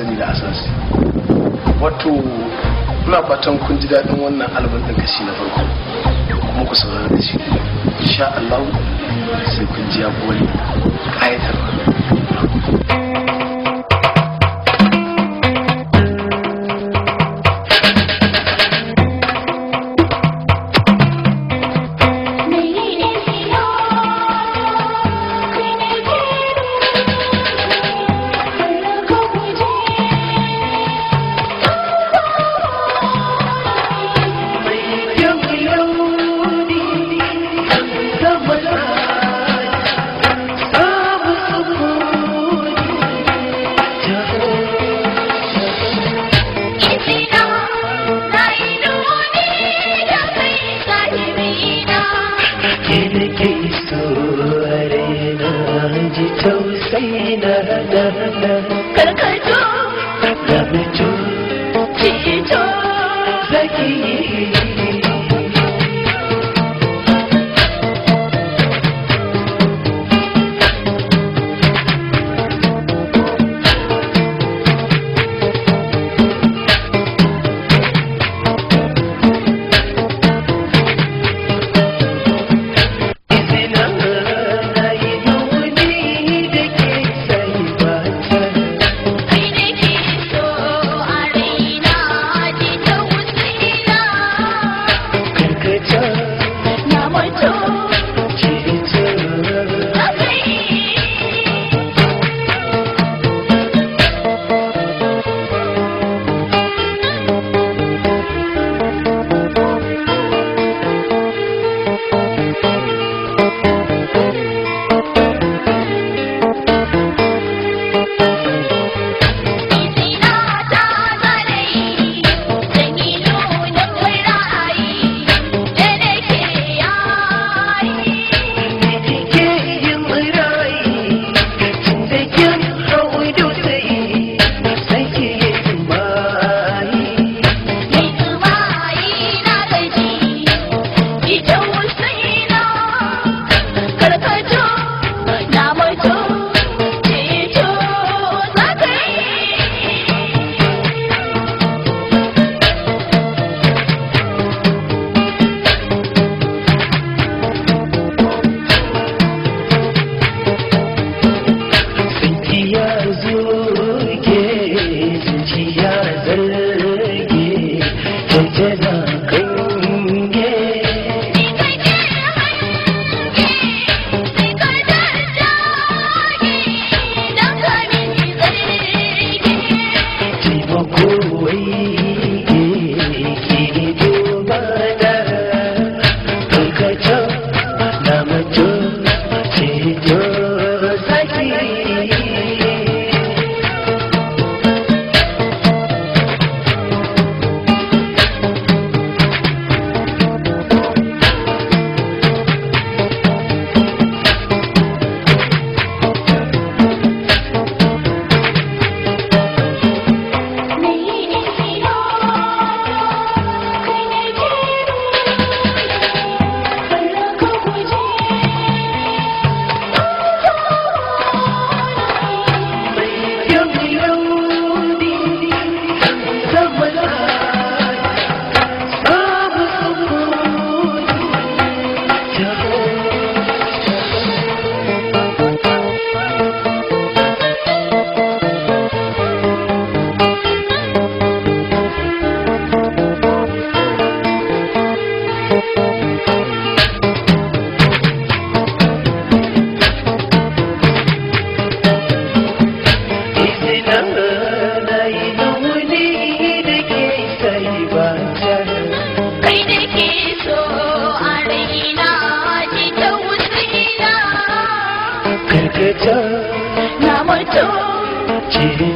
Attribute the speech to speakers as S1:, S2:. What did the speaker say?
S1: gani da asasi wato muna fatan kun ji daɗin wannan album ɗin kashi na farko kuma ku saurara da shi insha Allah sai kun ji abuwa Kalakal Jo রেখেছ নামই তো চির